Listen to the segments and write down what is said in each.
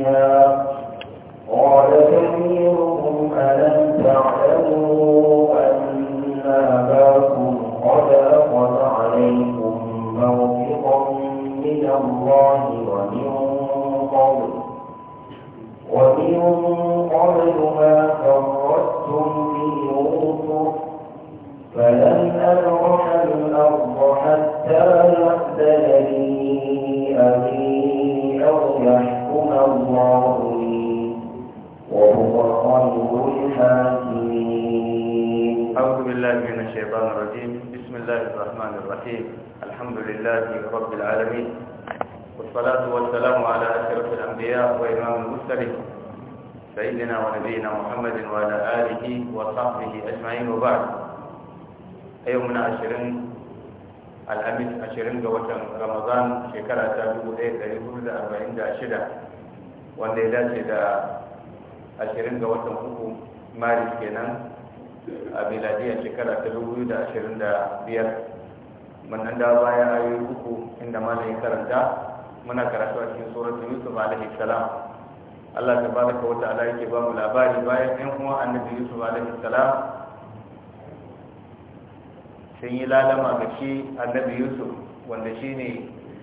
الدنيا miladiyar shekara ta dubu da ashirin da biyar wannan da baya ayoyi uku inda malamin karanta muna karatu a cikin suratul yusuf alaihi salam Allah tabaraka wa ala yake ba mu labari bayan ɗan kuma annabi Yusuf alaihi salam sun yi lalama ga shi annabi Yusuf wanda shi ne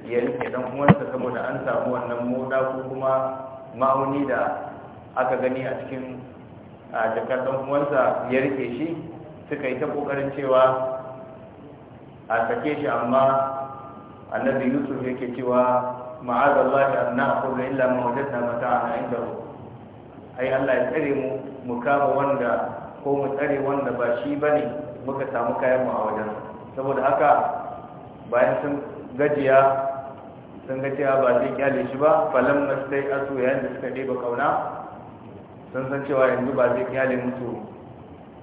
ya rike dan uwansa saboda an samu wannan moda ko kuma ma'auni da aka gani a cikin a jakar dan uwansa ya rike shi suka yi ta kokarin cewa a sake shi amma annabi yusuf yake cewa shi an na'khudha illa ma wajen na mata a mata'ana da ai Allah ya tsare mu mu kama wanda ko mu tsare wanda ba shi ba ne muka samu kayan mu a wajen saboda haka bayan sun gajiya sun ga cewa ba zai kyale shi ba falam nastai asu yayin da suka ɗeba kauna sun san cewa yanzu ba zai kyale mutu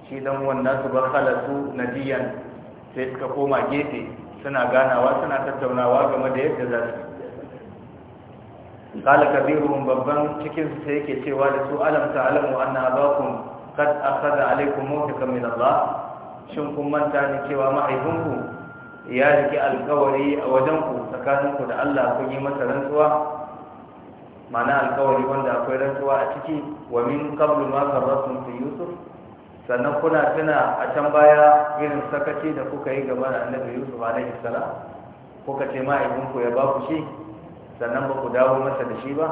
shi dan wannan su bar halatu nadiyan sai suka koma gefe suna ganawa suna tattaunawa game da yadda za su kala kabirun babban cikin su sai yake cewa da su alam ta'lamu anna abakum kad akhadha alaykum mawtakan min Allah shin kun manta ne cewa mahaifinku ya rike alkawari a wajen tsakanin tsakaninku da Allah kun yi masa rantsuwa ma'ana alkawari wanda akwai rantsuwa a ciki wa min qablu ma farratun fi yusuf sannan kuna tuna a can baya irin sakaci da kuka yi gaba da annabi yusuf alaihi salam kuka ce ku ya ba ku shi sannan ba ku dawo masa da shi ba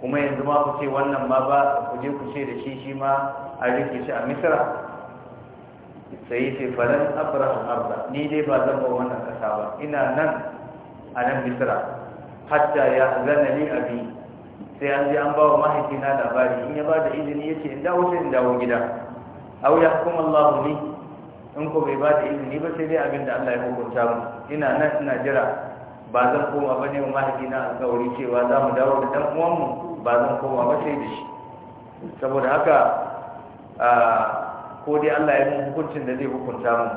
kuma yanzu ma ku ce wannan ma ba ku je ku ce da shi shi ma a rike shi a misra sai ce falan abraham arda ni dai ba zan ba wannan kasa ba ina nan a nan misra hatta ya zana ni abi sai an je an ba wa mahaifina labari in ya ba da izini ya ce in dawo sai in dawo gida aw yahkum Allah li in ko bai ba da izini ba sai dai abin da Allah ya hukunta mu ina nan ina jira ba zan koma ba ne mahaifi na alƙawari cewa za mu dawo da dan uwanmu ba zan koma ba sai da shi saboda haka ko dai Allah ya mun hukuncin da zai hukunta mu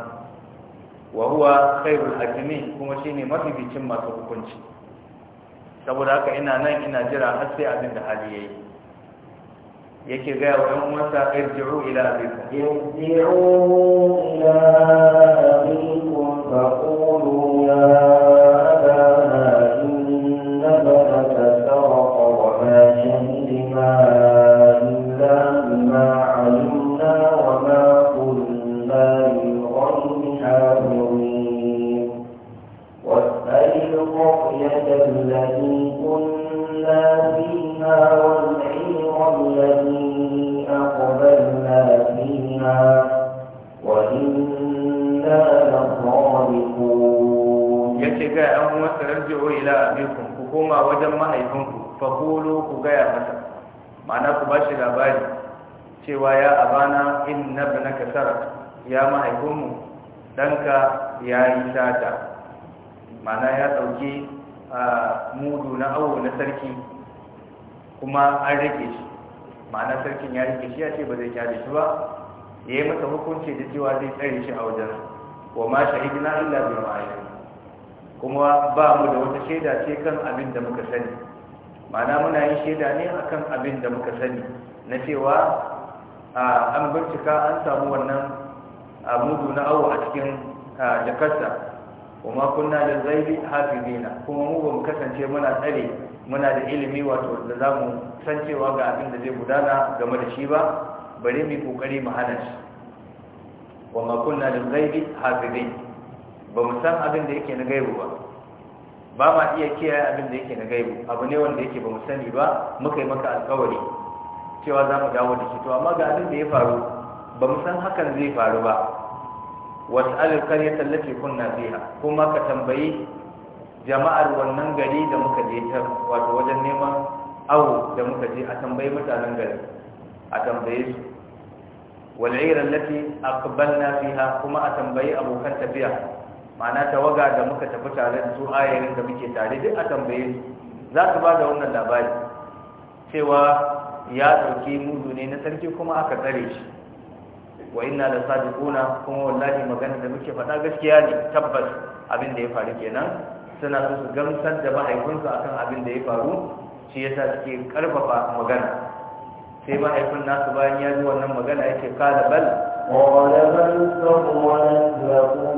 wa huwa khairul hakimi kuma shine mafificin masu hukunci saboda haka ina nan ina jira har sai abin da hali yayi yake gaya wa ɗan uwansa irji'u ila abikum irji'u ila abikum faqulu ya koma wajen mahaifinku fa kulu ku gaya masa ma'ana ku ba shi labari cewa ya abana in na na kasara ya mahaifinmu ɗanka ya yi sata ma'ana ya ɗauki mudu na awo na sarki kuma an rike shi ma'ana sarkin ya rike shi ya ce ba zai kyale shi ba ya yi masa hukunci da cewa zai tsare shi a wajen wa ma shahidina illa bi ma'aikata kuma ba mu da wata shaida ce kan abin da muka sani ma'ana muna yin shaida ne a kan abin da muka sani na cewa an bincika an samu wannan mudu na awo a cikin jakarta kuma kunna da zaibi hafizina kuma mu bamu kasance muna tsare muna da ilimi wato da za mu san cewa ga abin da zai gudana game da shi ba bari mu kokari mu hana shi wa ma da zaibi hafizina ba mu san abin da yake na gaibu ba ba ma iya kiyaye abin da yake na gaibu abu ne wanda yake ba mu sani ba muka yi maka alkawari cewa za mu dawo da shi to amma ga abin da ya faru ba mu san hakan zai faru ba ya tallafi kun na fiha kuma ka tambayi jama'ar wannan gari da muka je ta wato wajen neman awo da muka je a tambayi mutanen gari a tambaye su wal'ira allati aqbalna fiha kuma a tambayi abokan tafiya ma'ana tawaga da muka tafi tare da su ayarin da muke tare duk a tambaye su za su ba da wannan labari cewa ya ɗauki mudu ne na sarki kuma aka tsare shi wa inna da sadiquna kuma wallahi magana da muke faɗa gaskiya ne tabbas abin da ya faru kenan suna so su gamsar da mahaifinsu akan abin da ya faru shi ya sa suke karfafa magana sai mahaifin nasu bayan ya ji wannan magana yake kala bal qala bal sawwalat lakum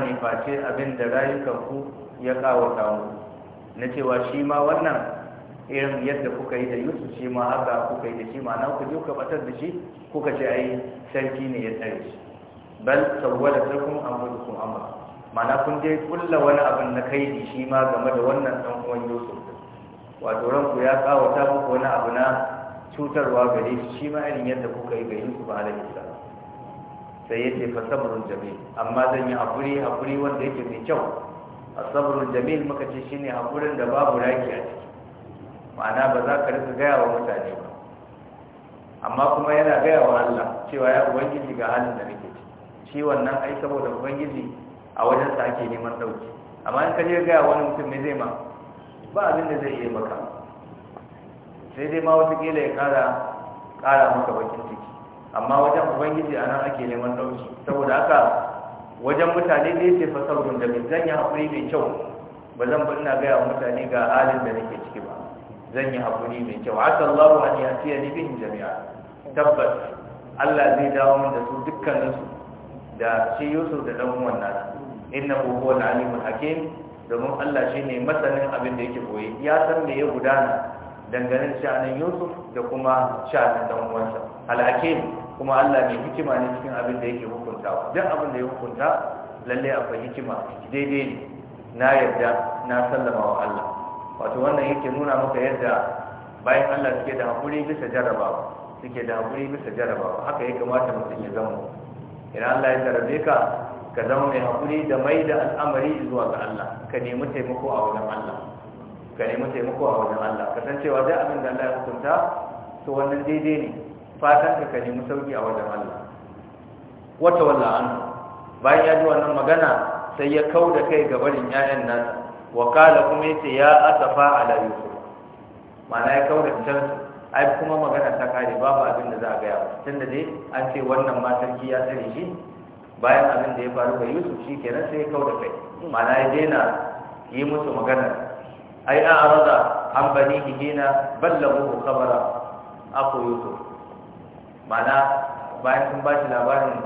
ne face abin da rayukanku ya kawo mu na cewa shi ma wannan irin yadda kuka yi da yusuf shi ma haka kuka yi da shi ma na ku je ku batar da shi kuka ce ai sarki ne ya tsare shi bal tawwala takum amrukum amr mana kun je kulla wani abin na kaidi shi ma game da wannan dan uwan yusuf wato ranku ya ta muku wani abu na cutarwa gare shi shi ma irin yadda kuka yi ga yusuf alaihi salam sai yace fa sabrun jamil amma zan yi hakuri hakuri wanda yake mai kyau sabrun jamil muka ce shine hakurin da babu raki a ciki ma'ana ba za ka rika gaya wa mutane ba amma kuma yana gaya wa Allah cewa ya ubangiji ga halin da nake ci shi wannan ai saboda ubangiji a wajen sa ake neman dauki amma in ka je gaya wani mutum me zai ma ba abin da zai iya maka sai dai ma wata kila ya kara kara maka bakin ciki amma wajen ubangiji a nan ake neman ɗauki saboda haka wajen mutane ne ce fasarun da mai zan yi haƙuri mai kyau ba zan ba ina gaya mutane ga halin da nake ciki ba zan yi haƙuri mai kyau haka Allahu an yi tiya ni bin jami'a tabbas Allah zai dawo min da su dukkaninsu da shi Yusuf da ɗan uwan nasa innahu huwal alimul hakim domin Allah shi ne masanin abin da yake koyi ya san me ya gudana dangane da sha'anin Yusuf da kuma sha'anin dan uwansa al-hakim kuma Allah mai hikima ne cikin abin da yake hukunta, duk abin da ya hukunta lalle akwai hikima daidai ne na yarda na sallama wa Allah wato wannan yake nuna maka yadda bayan Allah suke da hakuri bisa jarrabawa suke da hakuri bisa jarrabawa haka ya kamata mutum ya zama idan Allah ya jarabe ka ka zama mai hakuri da mai da al'amari zuwa ga Allah ka nemi taimako a wajen Allah ka nemi taimako a wajen Allah kasancewa duk abin da Allah ya hukunta to wannan daidai ne fatan ka nemi musauki a wajen Allah wata walla an bayan ya ji wannan magana sai ya kau da kai gabarin yayan nasa wa kala kuma yace ya asafa ala yusuf Mana ya kau da can ai kuma magana ta kare babu abin da za a gaya tunda dai an ce wannan ma sarki ya tsare shi bayan abin da ya faru ga yusuf shi kenan sai ya kau da kai Mana ya daina yi musu magana ai a arada an bani hina ballahu khabara aku yusuf ma'ana bayan sun ba shi labarin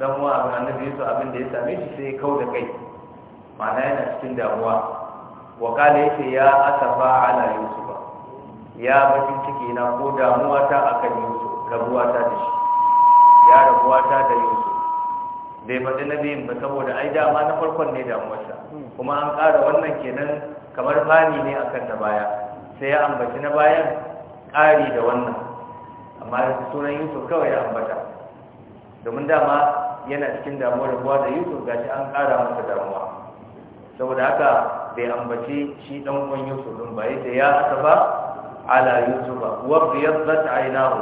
dan uwa abin annabi yusuf abin da ya same shi sai ya kau da kai ma'ana yana cikin damuwa wa kala yake ya asafa ala yusufa ya bakin ciki na ko damuwa ta akan yusuf rabuwa ta da shi ya rabuwa ta da yusuf bai faɗi na biyun ba saboda ai dama na farkon ne damuwarsa kuma an ƙara wannan kenan kamar fani ne akan na baya sai ya ambaci na bayan ƙari da wannan amma sunan yusuf kawai ya ambata domin dama yana cikin damuwar buwa da yusuf shi an kara masa damuwa saboda haka bai ambaci shi dan uwan yusuf din ba yadda ya ba ala yusuf wa biyadat aynahu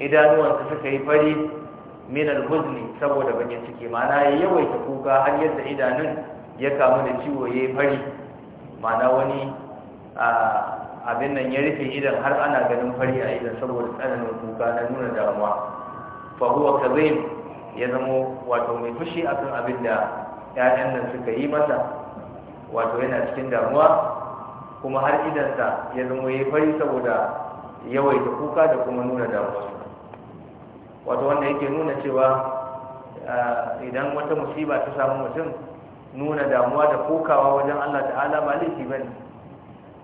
idanuwansa suka yi fari min al-huzni saboda bakin ciki ma'ana ya yawaita kuka har yadda idanun ya kamu da ciwo yayi fari ma'ana wani a ah, abin nan ya rufe idan har ana ganin fari a idan saboda tsananin kuka na nuna damuwa faruwa huwa kazim ya zamo wato mai fushi a kan abin da 'ya'yan nan suka yi masa wato yana cikin damuwa kuma har idansa ya zamo yi fari saboda da kuka da kuma nuna damuwa wato wanda yake nuna cewa idan wata musiba ta samu mutum nuna damuwa da kokawa wajen Allah ta'ala ba laifi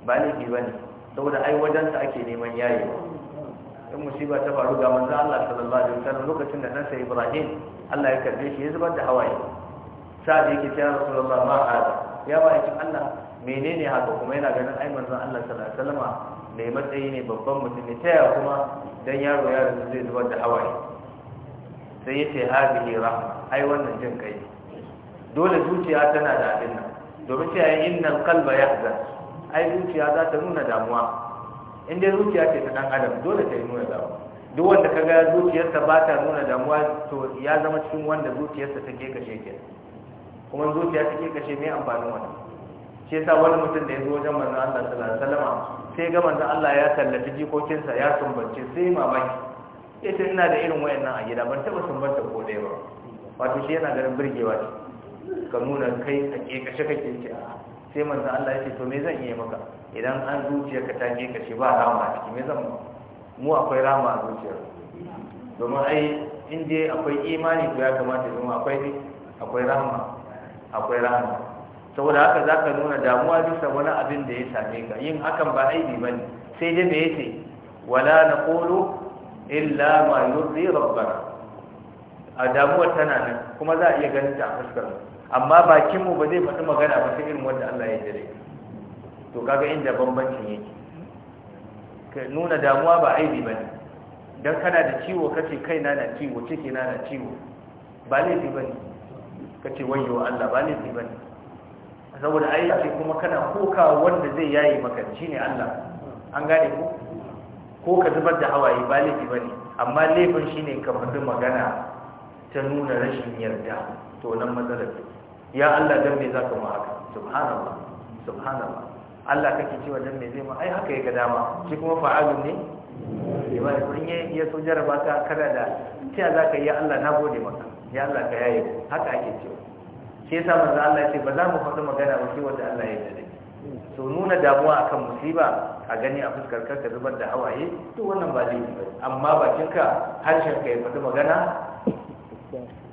ba laifi bane saboda ai wajensa ake neman yayi in musiba ta faru ga manzo Allah sallallahu alaihi wasallam lokacin da ɗansa Ibrahim Allah ya karbe shi ya zubar da hawaye sa'ad yake ce ya Rasulullah ma hada ya ba yake Allah menene haka kuma yana ganin ai manzo Allah sallallahu alaihi wasallama mai matsayi ne babban mutum ne taya kuma dan yaro yaro rubuta zai zubar da hawaye sai yace hadihi rahma ai wannan jin kai dole zuciya tana da abin nan domin sai ayi innal qalba yahzan ai zuciya za ta nuna damuwa in dai zuciya ce ta dan adam dole ta nuna damuwa duk wanda ka ga zuciyarsa ba ta nuna damuwa to ya zama cikin wanda zuciyarsa ke kashe ke kuma zuciya ke kashe mai amfanin wani. shi yasa wani mutum da ya zo wajen manzon Allah sallallahu alaihi wasallam sai ga manzon Allah ya tallafi jikokinsa ya sumbance sai mamaki yace ina da irin wayannan a gida ban taba sumbanta ko dai ba wato shi yana ganin burgewa ka nuna kai a ke kashe kake a sai manzo Allah ya ce to me zan iya maka idan an zuciya ka ta ka ce ba rama a ciki me zan mu akwai rama a zuciyar domin ai in dai akwai imani to ya kamata ya zama akwai ne akwai rama akwai rama saboda haka za ka nuna damuwa bisa wani abin da ya same ka yin hakan ba aibi ba ne sai dai me ya ce wala na kolo illa ma yurdi rabbana a damuwar tana nan kuma za a iya ganin ta a fuskar mu amma bakinmu ba zai faɗi magana ba ta irin wanda Allah ya jire to kaga inda bambancin yake ka nuna damuwa ba aibi ba ne don kana da ciwo kace kaina na ciwo kike na na ciwo ba laifi ba ne kace wayo Allah ba laifi ba ne saboda aiki kuma kana koka wanda zai yayi maka shine Allah an gane ku ko ka zubar da hawaye ba laifi ba ne amma laifin shine ka faɗi magana ta nuna rashin yarda to nan matsalar ya Allah dan me zaka mu haka subhanallah subhanallah Allah kake cewa dan me zai mu ai haka ya ga dama shi kuma fa'alun ne ba da kun ya so jarraba ka kada da cewa zaka yi Allah na gode maka ya Allah ka yaye haka ake cewa shi yasa manzo Allah ce ba za mu faɗi magana ba shi wanda Allah ya yarda so nuna damuwa akan musiba a gani a fuskar karka zubar da hawaye to wannan ba laifi ba amma bakinka harshen ka ya faɗi magana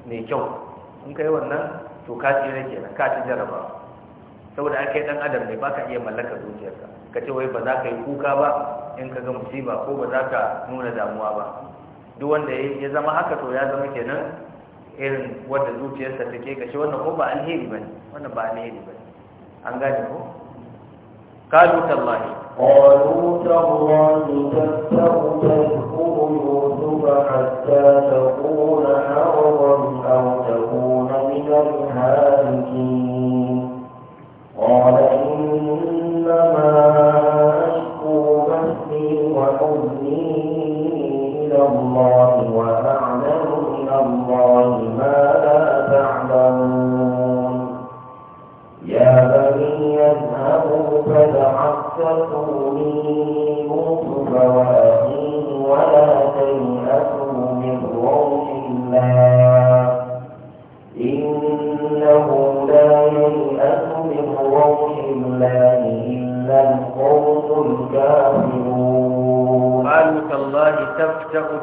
mai kyau in kai wannan to ka tsira kenan ka ci jaraba saboda aka yi dan adam ne ba ka iya mallaka zuciyarka ka ce wai ba za ka yi kuka ba in ka ga musiba ko ba za ka nuna damuwa ba duk wanda ya zama haka to ya zama kenan irin wanda zuciyarsa take kashe wannan ko ba alheri ne, wannan ba alheri ne. an gane ko قالوا تالله قالوا تالله تفتر تذكر يوسف حتى تكون حرضا أو الهالكين قال إنما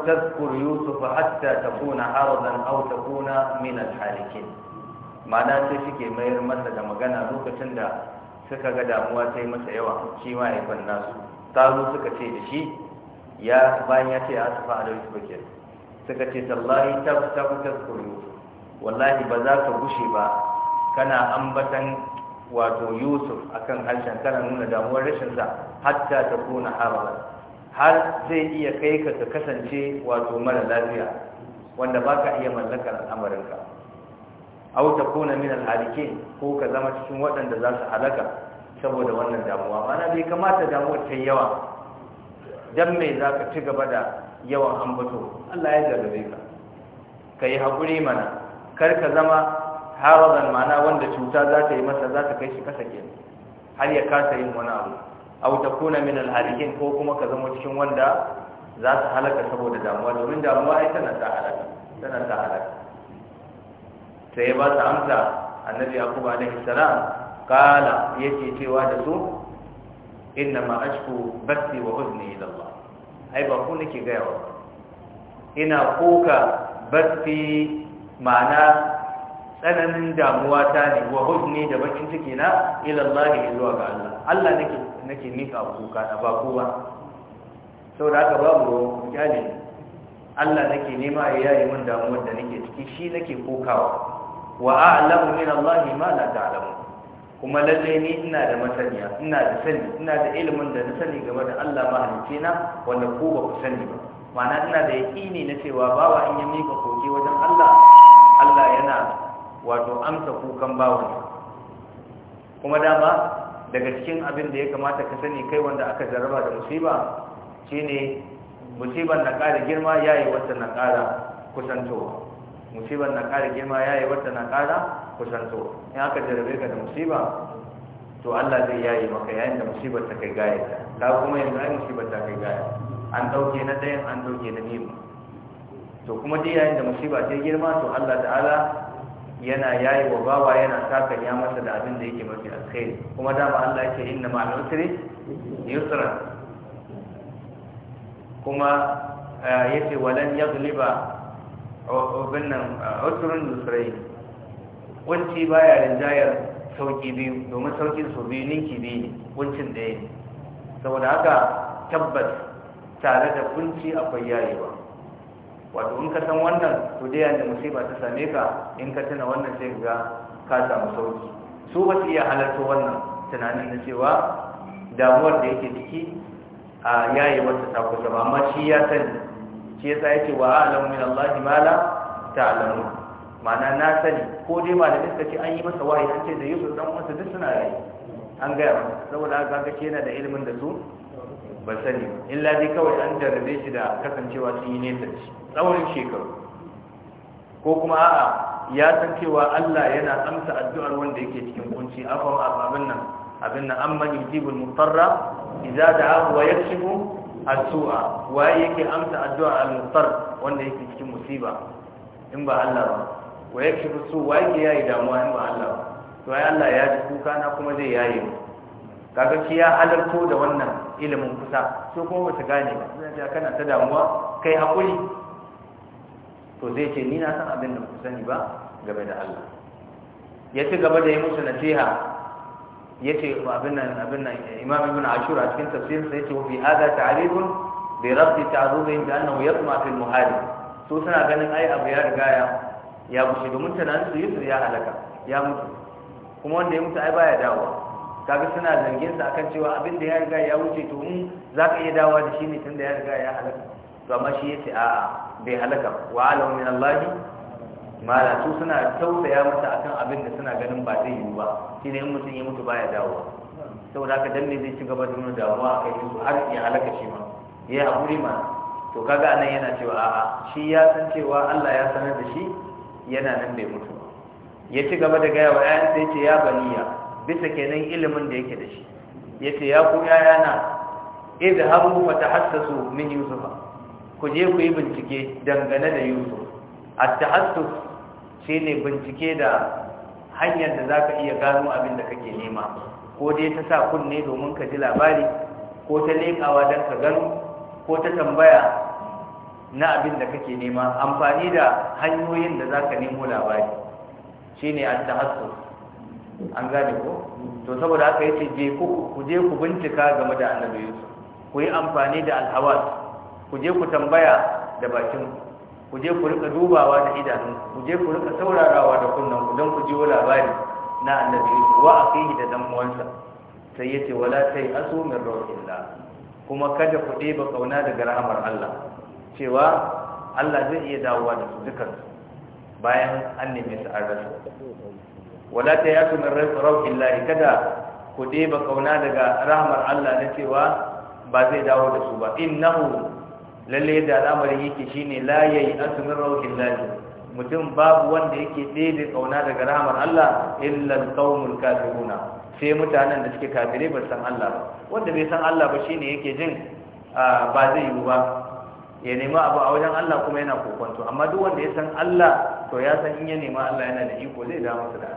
تذكر يوسف حتى تكون عرضا او تكون من الحالكين ma'ana sai suke mayar masa da magana lokacin da suka ga damuwa sai masa yawa shi ma haifan nasu tazo suka ce da shi ya bayan ya ce a tafi a bakir suka ce tallahi ta tafi yusuf wallahi ba za ka gushe ba kana ambatan wato yusuf akan harshen kana nuna damuwar rashin sa hatta ta kuna harbar har zai iya kai ka ta kasance wato mara lafiya wanda ba ka iya mallakar al'amarinka au ta kuna min alhalike ko ka zama cikin waɗanda za su halaka saboda wannan damuwa mana bai kamata damuwar ta yawa dan mai za ka ci gaba da yawan ambato Allah ya jarrabe ka ka yi haƙuri mana kar ka zama harazan mana wanda cuta za ta yi masa za ta kai shi kasa ke har ya kasa yin wani abu Au ta kuna min al ko kuma ka zama cikin wanda za su halaka saboda damuwa domin damuwa ai tana ta halaka tana ta halaka sai ba ta amsa annabi yaqub alaihi salam kala yake cewa da su inna ma ashku bathi wa uzni ila Allah ai ba ku nake ga yawa ina kuka bathi ma'ana tsananin damuwa ta ne wa huzni da bakin ciki na ila Allah zuwa ga Allah Allah nake nake mika kuka na ba kowa saboda haka babu kyale Allah nake nema ya yayi mun damuwar da nake ciki shi nake kokawa wa a'lamu min Allah ma la ta'lamu kuma lalle ni ina da masaniya ina da sani ina da ilimin da na sani game da Allah mahalicce na wanda ko ba ku sani ba ma'ana ina da yaqini na cewa bawa in ya mika koke wajen Allah Allah yana wato amsa kukan bawo kuma dama daga cikin abin da ya kamata ka sani kai wanda aka jarraba da musiba shine musibar na ƙara girma yayi wata na ƙara kusantowa musibar na ƙara girma yayi wata na ƙara kusantowa in aka jarrabe ka da musiba to Allah zai yayi maka yayin da musibar ta kai gaya ta kuma yanzu ai musibar ta kai gaya an dauke na ɗayan an dauke na biyu to kuma dai yayin da musiba ta girma to Allah ta'ala yana yayi wa bawa yana taka ya masa da abin da yake mafi alkhairi kuma dama Allah yake inna ma'al usri yusra kuma eh, yace walan yaghliba ubinnan eh, usrun yusrai kunci baya rinjayar sauki biyu domin saukin su biyu ninki biyu ne kuncin ɗaya ne saboda haka tabbas tare da kunci akwai yayewa wato in ka san wannan to da yanda musiba ta same ka in ka tuna wannan sai ga ka samu sauki su ba su iya halarta wannan tunani na cewa damuwar da yake ciki a yayi wata ta kusa ba amma shi ya sani shi sa yake wa alamu min Allah ma ta alamu ma'ana na sani ko dai malamin iska ce an yi masa wahayi an ce da Yusuf dan wasu duk suna an gaya masa saboda haka ga yana da ilimin da su ba sani illa dai kawai an jarrabe shi da kasancewa sun yi nesa shi tsawon shekaru ko kuma a'a ya san cewa Allah yana amsa addu'ar wanda yake cikin kunci afam abin nan abin nan amman yujibul mutarra idza da'ahu wa yakshifu as-su'a wa yake amsa addu'ar al-mutar wanda yake cikin musiba in ba Allah ba wa yakshifu su wa yake yayi damuwa in ba Allah ba to ai Allah ya ji kuka na kuma zai yaye mu kaga ki ya halarto da wannan ilimin kusa su kuma ba gane ba suna ce kana ta damuwa kai haƙuri to zai ce ni na san abin da ku sani ba game da Allah ya ci gaba da yi musu nasiha ya ce abin nan abin nan imam ibn ashur a cikin tafsirinsa ya ce wa fi hada ta'ribun bi rabbi ta'rubihim bi annahu yatma fil muhadin su suna ganin ai abu ya riga ya ya bushe domin tunanin su yusuf ya halaka ya mutu kuma wanda ya mutu ai baya dawowa kaga suna zargin sa akan cewa abin da ya riga ya wuce to in zaka iya dawa da shi ne tunda ya riga ya halaka to amma shi yace a bai halaka wa alahu min Allah mala su suna tausaya masa akan abin da suna ganin ba zai yiwu ba shine in mutum ya mutu baya dawowa saboda haka dan ne zai ci gaba da nuna damuwa kai su har ya halaka shi ma ya hakuri ma to kaga anan yana cewa a'a shi ya san cewa Allah ya sanar da shi yana nan bai mutu ya ci gaba da gaya wa 'ya'yansa ya ce ya baniya bisa kenan ilimin da yake da shi yace ya ku yaya na idhabu fatahassasu min yusuf ku je ku yi bincike dangane da yusuf at-tahassus shine bincike da hanyar da zaka iya gano abin da kake nema ko dai ta sa kunne domin ka ji labari ko ta lekawa don ka gano ko ta tambaya na abin da kake nema amfani da hanyoyin da zaka nemo labari shine at-tahassus an gane ko to saboda aka yace je ku ku je ku bincika game da annabi Yusuf ku yi amfani da alhawas ku je ku tambaya da bakin ku je ku rika dubawa da idanu ku je ku rika saurarawa da kunnan ku don ku ji labari na annabi Yusuf wa akihi da dan uwansa sai yace wala tai asu min rawillah kuma kada ku ɗeba kauna daga rahamar Allah cewa Allah zai iya dawowa da su dukansu bayan an neme su an rasa wala ta yasu min rauhin lahi kada ku ɗeba kauna daga rahmar Allah na cewa ba zai dawo da su ba innahu lalle da al'amarin yake shine la yayi asu min rauhin lahi mutum babu wanda yake ɗebe kauna daga rahmar Allah illa alqaumul kafiruna sai mutanen da suke kafirai ba san Allah ba wanda bai san Allah ba shine yake jin ah, ba zai yi ba ya nema abu a wajen Allah kuma yana kokonto amma duk wanda ya san Allah to ya san in ya nema Allah yana da iko zai da masa da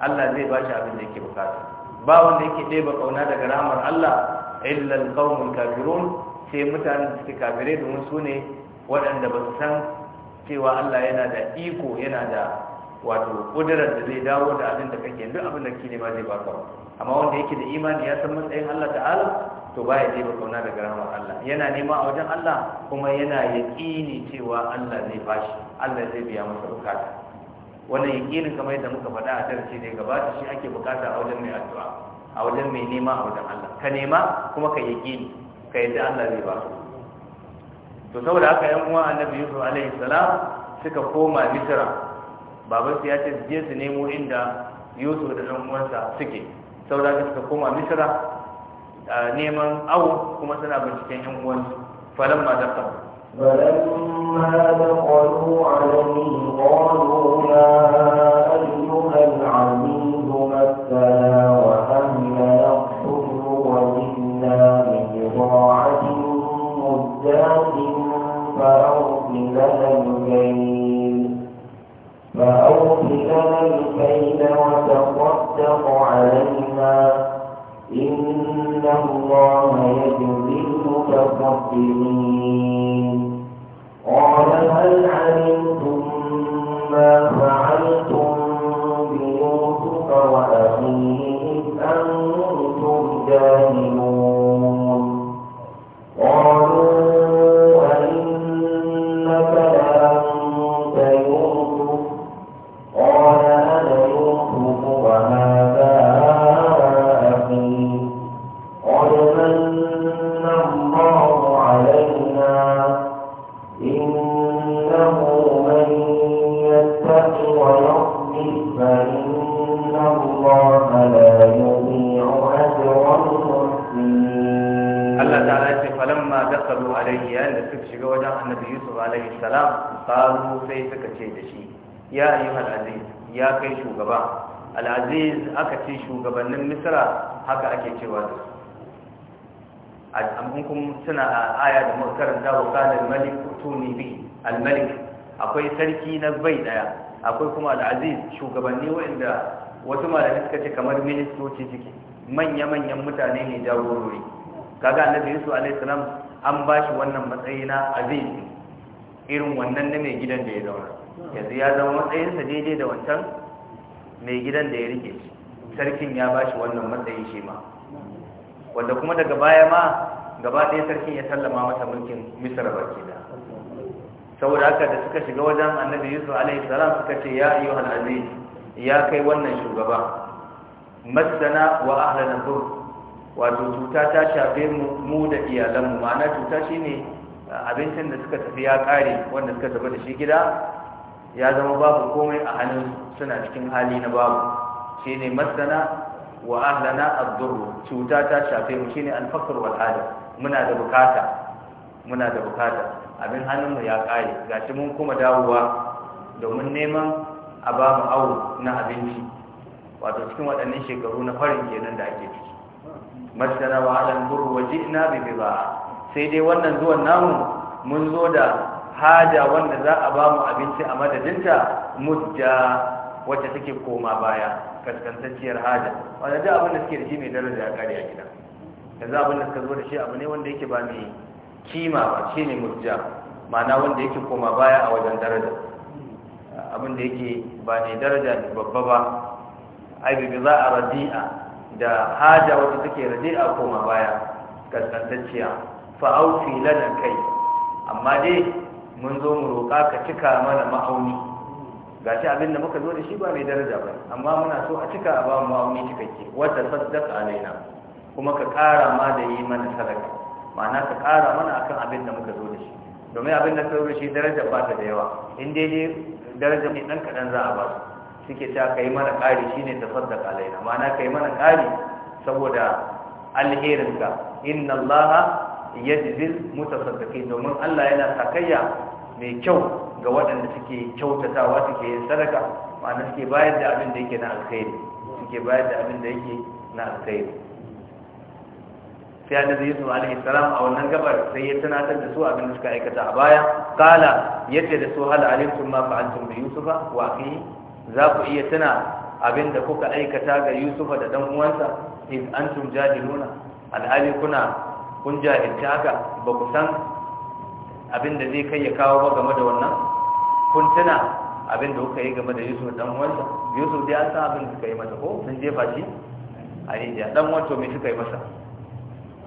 Allah zai ba shi abin da yake bukata ba wanda yake ba kauna daga ramar Allah illa alqaumul kafirun sai mutanen da suke kafire domin su ne waɗanda ba su san cewa Allah yana da iko yana da wato kudurar da zai dawo da abin da kake duk abin da kake nema zai baka amma wanda yake da imani ya san matsayin Allah ta'ala to ba ya jefa kauna daga rahmar Allah yana nema a wajen Allah kuma yana yaƙini cewa Allah zai bashi Allah zai biya masa bukata wannan yaƙinin kamar yadda muka faɗa a darasi ne gabata shi ake bukata a wajen mai addu'a a wajen mai nema a wajen Allah ka nema kuma ka yaƙini ka yadda Allah zai ba to saboda haka yan uwa annabi Yusuf alaihi salam suka koma Misra su ya ce je su nemo inda yusuf da ɗan uwansa suke saboda suka koma misira neman awo kuma suna binciken yan uwansu ma da kan فلما دخلوا عليه قالوا يا أيها وأهلنا الكيل الكيل وتصدق علينا إن الله يجزي المتقدمين قال هل aziz aka ce shugabannin misra haka ake cewa da su amma kun suna a aya da makaranta wa kana malik tuni bi almalik akwai sarki na bai daya akwai kuma al-aziz shugabanni wa'inda wasu malami suka ce kamar ministoci ciki manya manyan mutane ne jagorori kaga annabi Yusuf alaihi salam an ba shi wannan matsayi na aziz irin wannan ne mai gidan da ya zauna yanzu ya zama matsayinsa daidai da wancan mai gidan da ya rike sarkin ya ba shi wannan matsayi shi ma wanda kuma daga baya ma gaba ɗaya sarkin ya sallama masa mulkin misra baki da saboda haka da suka shiga wajen annabi yusuf alaihi salam suka ce ya ayyu aziz ya kai wannan shugaba masana wa ahlan dhur wato cuta ta shafe mu da iyalanmu ma'ana cuta shine abincin da suka tafi ya kare wanda suka tafi da shi gida ya zama babu komai a hannun suna cikin hali na babu shi ne masana wa ahlana abdurru cuta ta shafe mu shine alfakar wal hada muna da bukata muna da bukata abin hannunmu ya kare gashi mun kuma dawowa domin neman a ba mu awo na abinci wato cikin waɗannan shekaru na farin kenan da ake ciki masana wa alan buru wa ji'na bi ba? sai dai wannan zuwan namu mun zo da haja wanda za a ba mu abinci a madadinta mujja wacce take koma baya kaskantacciyar haja wanda da abin da suke da shi mai daraja ya kare a gida yanzu abin da suka zo da shi abu ne wanda yake ba mai kima ba shi ne mujja ma'ana wanda yake koma baya a wajen daraja abin da yake ba mai daraja babba ba aibibi za a radi'a da haja wacce take radi'a koma baya kaskantacciya fa'aufi lana kai amma dai mun zo mu roƙa ka cika mana ma'auni ga shi abin da muka zo da shi ba mai daraja ba amma muna so a cika a ba mu ma'auni cikakke wadda saddaka alaina kuma ka ƙara ma da yi mana sadaka ma'ana ka ƙara mana akan abin da muka zo da shi domin abin da ka zo da shi daraja ba ta da yawa in dai dai daraja mai ɗan kaɗan za a ba su suke ta ka yi mana ƙari shine ta saddaka alaina ma'ana ka yi mana ƙari saboda alherinka inna allaha yajzil mutasaddiqin domin Allah yana takayya mai kyau ga waɗanda suke kyautatawa suke yin sadaka ma'ana suke bayar da abin da yake na alkhairi suke bayar da abin da yake na alkhairi sai annabi Yusuf alaihi salam a wannan gabar sai ya tunatar da su abin da suka aikata a baya kala yace da su hal alaikum ma fa'altum bi yusufa wa fi za ku iya tuna abin da kuka aikata ga yusufa da dan uwansa in antum jadiluna al'ali kuna kun jahilci haka ba ku san abin da zai kai ya kawo ba game da wannan kun tuna abin da kuka yi game da yusuf dan wanda yusuf dai an san abin da suka yi masa ko sun jefa shi a rijiya dan wanto me suka yi masa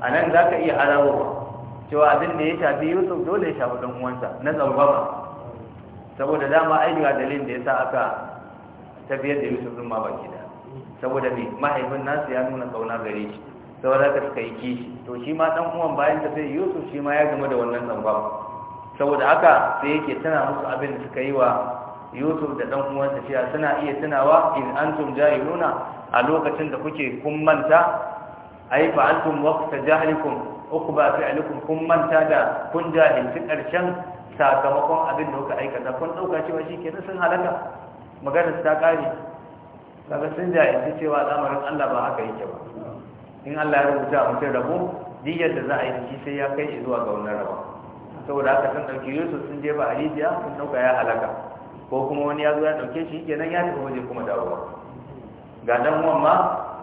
a nan za ka iya harawa cewa abin da ya shafi yusuf dole ya shafi dan uwansa na tsangwama saboda dama ainihin dalilin da ya sa aka tafiyar da yusuf zuma ma baki da saboda mai mahaifin nasu ya nuna kauna gare shi saboda ka suka yi kishi to shi ma dan uwan bayan ta sai yusuf shi ma ya gama da wannan tsangwam saboda haka sai yake tana musu abin da suka yi wa yusuf da dan ta cewa suna iya tunawa in antum jahiluna a lokacin da kuke kun manta ai fa antum waqta ba fi fi'lukum kun manta da kun jahilci karshen sakamakon abin da kuka aikata kun dauka cewa shikenan sun halaka magana ta kare kaga sun jahilci cewa al'amarin Allah ba haka yake ba in Allah ya rubuta a mutum rabo diyyar da za a yi shi sai ya kai shi zuwa ga wannan rabo saboda haka sun ɗauki yusuf sun jefa a rijiya sun ɗauka ya halaka ko kuma wani ya zo ya ɗauke shi kenan ya tafi waje kuma dawowa ga ɗan uwan ma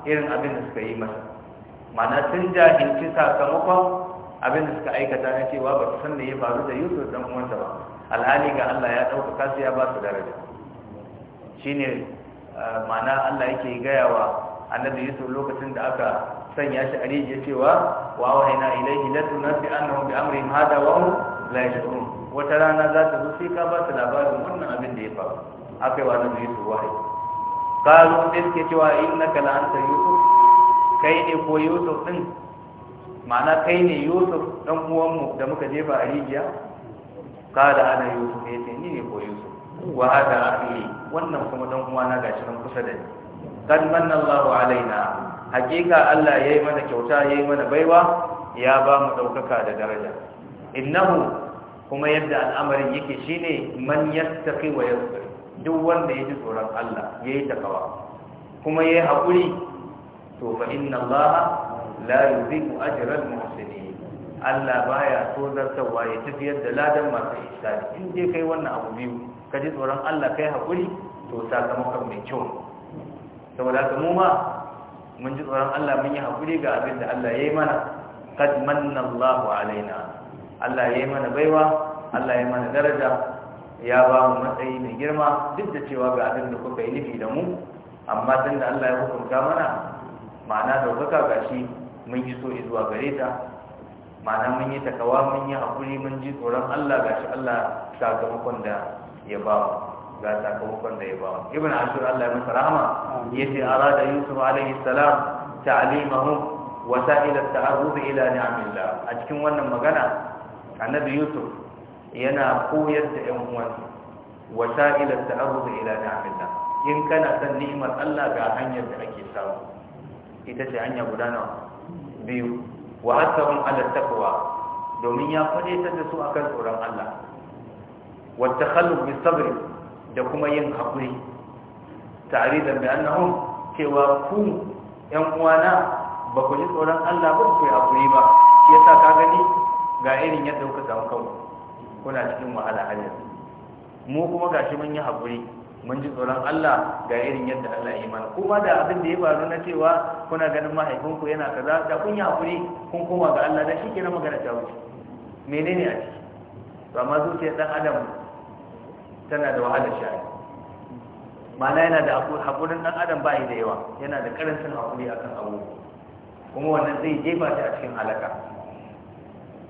irin abin da suka yi masa ma'ana sun jahilci sakamakon abin da suka aikata na cewa ba su san da ya faru da yusuf dan uwansa ba alhali ga Allah ya ɗaukaka su ya ba su daraja shine eh, ma'ana Allah yake gaya wa annabi yusuf lokacin da aka sanya shi a rijiya cewa wa wahaina ilaihi la tunasi annahu bi amri hada wa hum la yashurun wata rana za ta zo sai ka ba ta labarin wannan abin da ya faru yi wa nabi yusuf Kalu, sai iske cewa inna kala anta yusuf kai ne ko yusuf din ma'ana kai ne yusuf dan mu da muka jefa a rijiya kada ana yusuf ne, sai ni ne ko yusuf wa hada akhi wannan kuma dan uwana gashi nan kusa da ni Kan manna Allahu alaina hakika Allah ya yi mana kyauta ya yi mana baiwa ya ba mu ɗaukaka da daraja innahu kuma yadda al'amarin yake shine man yattaqi wa yasbir duk wanda ya ji tsoron Allah ya yi takawa kuma ya yi haƙuri to fa inna Allah la yudhi'u ajra al-muhsinin Allah baya tozartawa ya tafiyar da ladan masu ihsani in dai kai wannan abu biyu ka ji tsoron Allah kai hakuri? to sakamakon mai kyau saboda haka mu ma mun ji tsoron Allah mun yi haƙuri ga abin da Allah ya yi mana kad manna Allahu alaina Allah ya yi mana baiwa Allah ya yi mana daraja ya ba mu matsayi mai girma duk da cewa ga abin da kuka yi nufi da mu amma tun da Allah ya hukunta mana ma'ana ɗaukaka ga shi mun yi so zuwa gare ta ma'ana mun yi takawa mun yi haƙuri mun ji tsoron Allah ga shi Allah sakamakon da ya ba mu ga sakamakon da ya ba ibn ashur Allah ya masa rahama yace arada yusuf alaihi salam ta'limahum wa sa'ila at-ta'arruf ila ni'amillah a cikin wannan magana annabi yusuf yana koyar da ƴan uwansa wa sa'ila at-ta'arruf ila ni'amillah in kana san ni'imar Allah ga hanyar da ake samu ita ce hanya guda nawa biyu wa hasabun ala taqwa domin ya fade da su akan tsoron Allah wa takhallu bis sabr da kuma yin haƙuri tare da mai annahun cewa ku ‘yan uwana ba ku ji tsoron Allah ba ku yi haƙuri ba ya sa ka gani ga irin yadda kuka samu kawo kuna cikin wahala har yanzu mu kuma ga shi mun yi haƙuri mun ji tsoron Allah ga irin yadda Allah ya yi mana kuma da abin da ya faru na cewa kuna ganin mahaifinku yana kaza da kun yi haƙuri kun koma ga Allah da shi ke na magana ta wuce menene a ciki to amma zuciyar ɗan adam tana da wahalar sha'ani mana yana da haƙurin ɗan adam ba da yawa yana da ƙarancin haƙuri akan abu kuma wannan zai jefa shi a cikin halaka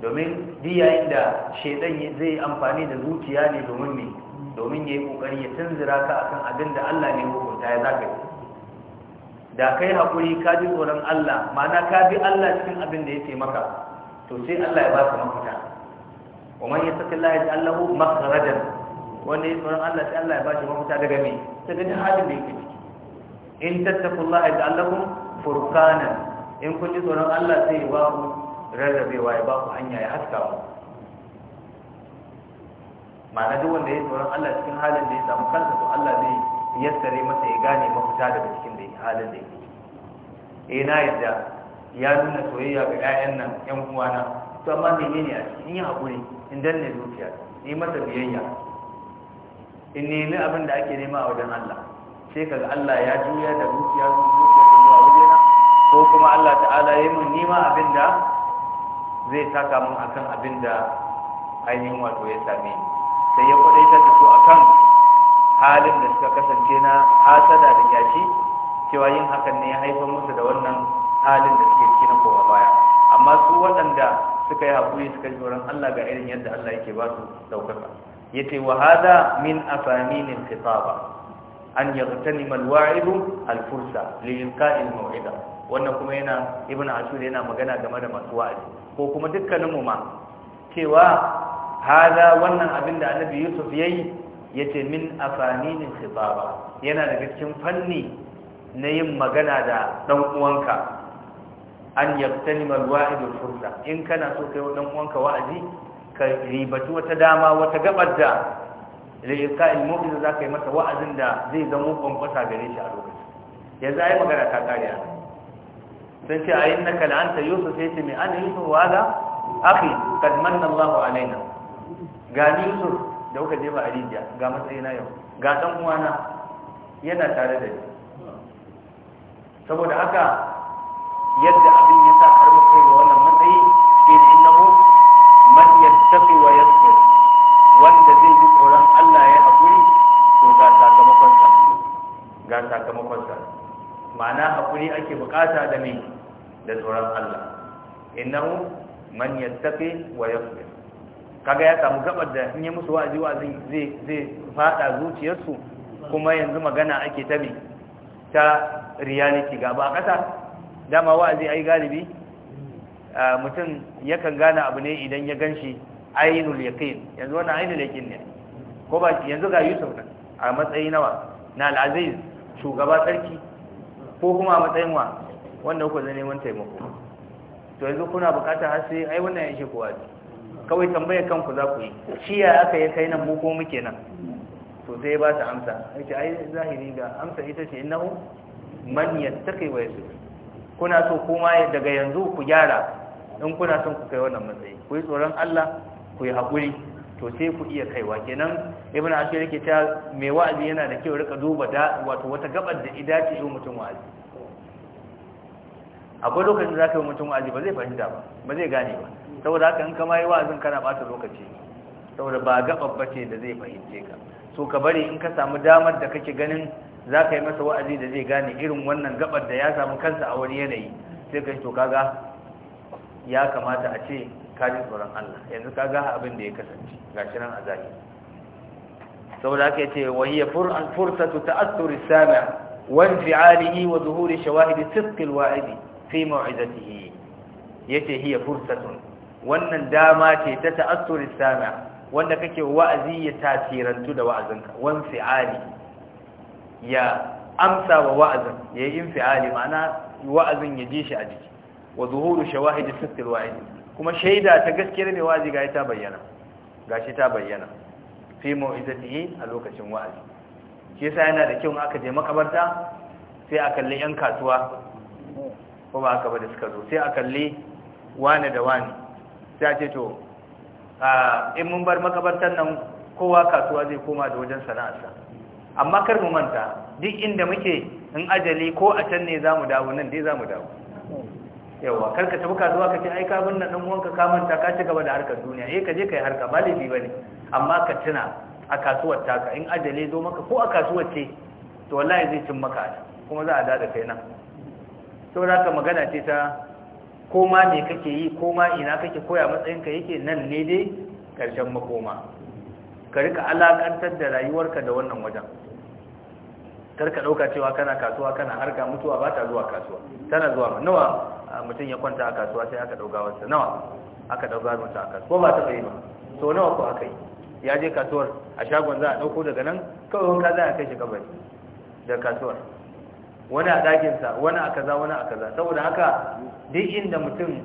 domin biya da shaidan zai amfani da zuciya ne domin ne domin ya yi ƙoƙari ya tunzura ka akan abin da Allah ne hukunta ya zaka yi da kai haƙuri ka ji tsoron Allah ma'ana ka bi Allah cikin abin da yake maka to sai Allah ya ba ka mafita wa man yattaqi Allah yaj'al lahu wanda ya tsoron Allah sai Allah ya bashi mafita daga me daga duk halin da yake ciki in tattaqullaha ta'allakum furqana in kun ji tsoron Allah sai ya ba ku rarrabewa ya ba ku hanya ya haska ku ma'ana duk wanda ya tsoron Allah cikin halin da ya samu kansa to Allah zai yassare masa ya gane mafita daga cikin da halin da yake eh na yadda ya nuna soyayya ga 'ya'yan nan 'yan uwana to amma menene a cikin yin haƙuri in danne zuciya ni masa biyayya in nemi abin da ake nema a wajen Allah sai kaga Allah ya juya da dukiya zuciya zuwa wajena ko kuma Allah ta'ala ya mun nima abin da zai saka mun akan abin da ainihin wato ya same ni sai ya kwadaitar da su akan halin da suka kasance na hasada da kyashi cewa yin hakan ne ya haifar musu da wannan halin da suke ciki na kowa baya amma su waɗanda suka yi haƙuri suka ji wurin Allah ga irin yadda Allah yake ba su ɗaukaka yace wa hada min afanin alkitaba an yaghtanim alwa'id alfursa lilqa'i almaw'ida wannan kuma yana ibnu ashur yana magana game da masu wa'azi ko kuma dukkanin mu ma cewa hada wannan abin da annabi yusuf yayi yace min afanin alkitaba yana da cikin fanni na yin magana da dan uwanka an yaghtanim alwa'id fursa in kana so kai dan uwanka wa'azi ka ribatu wata dama wata gabar da lilka ilmu'min za ka yi masa wa'azin da zai zama kwankwasa gare shi a lokacin yanzu ai magana ta kariya sun ce a yin na kal'anta yusuf sai ce mai ana yusuf wa ala akhi kad manna allahu alaina ga yusuf da kuka je ba a rijiya ga na yau ga dan uwana yana tare da ni saboda haka yadda abin ya sa har mutum ya wannan matsayi man ya tafi wa yasbir wanda zai ji tsoron Allah ya haƙuri to ga sakamakon sa ga sakamakon sa ma'ana haƙuri ake bukata da me da tsoron Allah innahu man ya tafi wa yasbir kaga ya samu gabar da in yi musu wa'azi wa'azi zai zai fada zuciyarsu kuma yanzu magana ake ta me ta reality ga ba kasa dama wa'azi ai galibi mutum yakan gane abu ne idan ya ganshi ainul yaqin yanzu wannan ainul yaqin ne ko ba yanzu ga Yusuf nan a matsayi nawa na al-Aziz shugaba sarki ko kuma a matsayin wa wanda kuka zai neman taimako to yanzu kuna bukata har sai ai wannan ya shi kowa kawai tambaye kanku za ku yi shi ya aka yi kai nan mu ko muke nan to sai ba ta amsa yace ai zahiri ga amsa ita ce innahu man yattaqi wa yasbir kuna so kuma daga yanzu ku gyara in kuna son ku kai wannan matsayi ku yi tsoron Allah ku yi haƙuri to sai ku iya kaiwa kenan ibn ashir yake ta mai wa'azi yana da kyau rika duba da wato wata gabar da idace yau mutum wa'azi akwai lokacin za ka yi mutum wa'azi ba zai fahimta ba ba zai gane ba saboda haka in ka ma yi wa'azin kana bata lokaci saboda ba gabar ba ce da zai fahimce ka so ka bari in ka samu damar da kake ganin za ka yi masa wa'azi da zai gane irin wannan gabar da ya samu kansa a wani yanayi sai ka to kaga ya kamata a ce ka ji tsoron Allah yanzu ka ga abin da ya kasance gashi nan a zahiri saboda haka yace wa hiya fur'an fursatu ta'assur as-sami' wa infi'alihi wa zuhur shawahid sidq al-wa'id yi, ya ce hiya fursatun wannan dama ce ta ta'assur as-sami' wanda kake wa'azi ya tasirantu da wa'azinka wa infi'ali ya amsa wa wa'azin ya yi in infi'ali ma'ana wa'azin ya ji shi a jiki wa zuhuru shawahid as-sitt al-wa'id kuma shaida ta gaskiyar ne wazi ga ta bayyana gashi ta bayyana fi mu'izatihi a lokacin wa'azi shi yasa yana da kyau in aka je makabarta sai a kalli yan kasuwa ko ba aka ba da suka zo sai a kalli wani da wani sai a ce to in mun bar makabartar nan kowa kasuwa zai koma da wajen sana'arsa amma kar mu manta duk inda muke in ajali ko a can ne zamu dawo nan dai zamu dawo yawa kar ka tafi kasuwa ka ce ai ka binne dan uwanka ka manta ka ci gaba da harkar duniya eh ka je kai harka ba laifi bane amma ka tuna a kasuwar taka in ajale zo maka ko a kasuwar ce to wallahi zai cin maka kuma za a dada kai nan saboda ka magana ce ta ko ma me kake yi ko ina kake koya matsayin ka yake nan ne dai karshen makoma ka rika alakantar da rayuwarka da wannan wajen karka dauka cewa kana kasuwa kana harka mutuwa ba ta zuwa kasuwa tana zuwa nawa mutum ya kwanta a kasuwa sai aka dauka wasu? nawa aka dauka wasu a kasuwa ba ta yi ba so nawa ko aka yi ya je kasuwar a shagon za a dauko daga nan kawai wanka za a kai shi kabari da kasuwar wani a dakinsa wani a kaza wani a kaza saboda haka duk inda mutum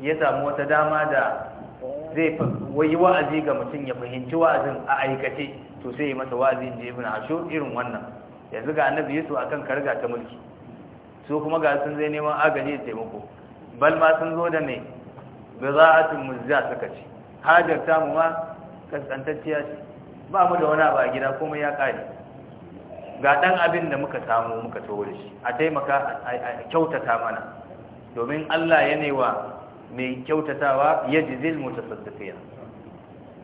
ya samu wata dama da zai wayi wa'azi ga mutum ya fahimci wa'azin a aikace to sai ya masa wa'azin da ibn ashur irin wannan yanzu ga annabi yesu akan karga ta mulki su kuma ga sun zai neman agaji da taimako bal ma sun zo da me biza'atun muzza suka ce hajar ta mu ma kaskantacciya ce ba mu da wani abu a gida komai ya kare ga dan abin da muka samu muka tawo da shi a taimaka a kyautata mana domin Allah ya wa mai kyautatawa ya yajzil mutasaddiqina